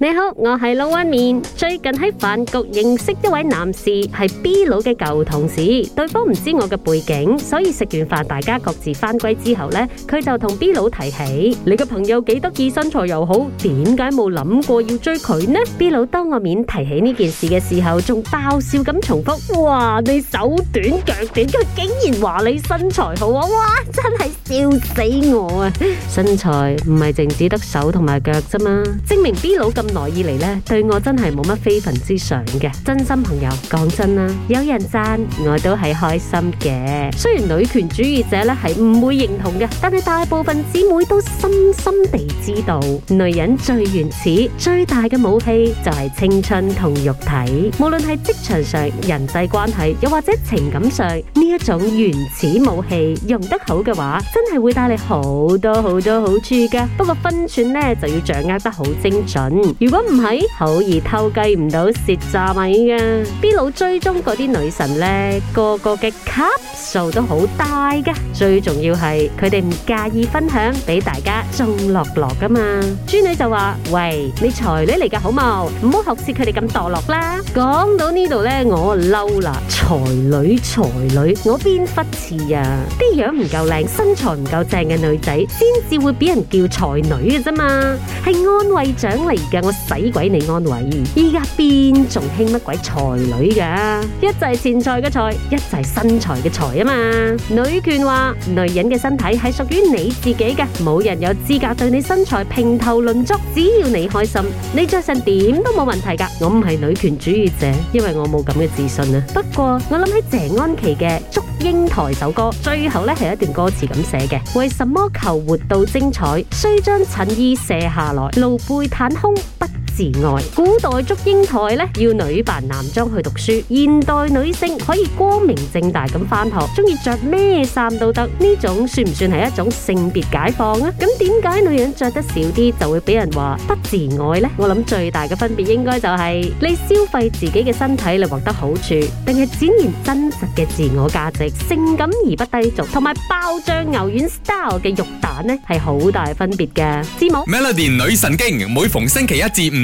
你好，我係龍紋敏。最近喺飯局認識一位男士，係 B 佬嘅舊同事。對方唔知我嘅背景，所以食完飯，大家各自翻歸之後呢，佢就同 B 佬提起：你嘅朋友幾得意，身材又好，點解冇諗過要追佢呢？B 佬當我面提起呢件事嘅時候，仲爆笑咁重複：哇，你手短腳短，佢竟然話你身材好啊！哇，真係笑死我啊！身材唔係淨只得手同埋腳啫嘛，證明 B 佬咁。咁耐以嚟咧，對我真係冇乜非分之想嘅。真心朋友，講真啦，有人讚我都係開心嘅。雖然女權主義者咧係唔會認同嘅，但係大部分姊妹都深深地知道，女人最原始、最大嘅武器就係青春同肉體。無論係職場上、人際關係，又或者情感上，呢一種原始武器用得好嘅話，真係會帶你好多好多好多好處㗎。不過分寸咧就要掌握得好精準。如果唔係，好易偷雞唔到蝕炸米噶。啲佬追蹤嗰啲女神咧，個個嘅級數都好大噶。最重要係佢哋唔介意分享，俾大家眾樂樂嘛。豬女就話：喂，你才女嚟噶好冇，唔好學似佢哋咁墮落啦。講到這裡呢度咧，我嬲啦！才女才女，我邊忽似啊？啲樣唔夠靚，身材唔夠正嘅女仔，先至會俾人叫才女嘅啫嘛，係安慰獎嚟噶。我使鬼你安慰，而家邊仲興乜鬼才女噶？一就係錢財嘅財，一就係身材嘅財啊嘛！女權話：女人嘅身體係屬於你自己嘅，冇人有資格對你身材評頭論足。只要你開心，你着成點都冇問題噶。我唔係女權主義者，因為我冇咁嘅自信啊。不過我諗起謝安琪嘅。英台首歌，最後咧係一段歌詞咁寫嘅：為什麼求活到精彩，須將襯衣卸下來，露背袒胸？自愛，古代祝英台呢，要女扮男裝去讀書，現代女性可以光明正大咁翻學，中意着咩衫都得，呢種算唔算係一種性別解放啊？咁點解女人着得少啲就會俾人話不自愛呢？我諗最大嘅分別應該就係你消費自己嘅身體嚟獲得好處，定係展現真實嘅自我價值，性感而不低俗，同埋爆漿牛丸 style 嘅肉蛋呢係好大分別嘅，知冇？Melody 女神經，每逢星期一至五。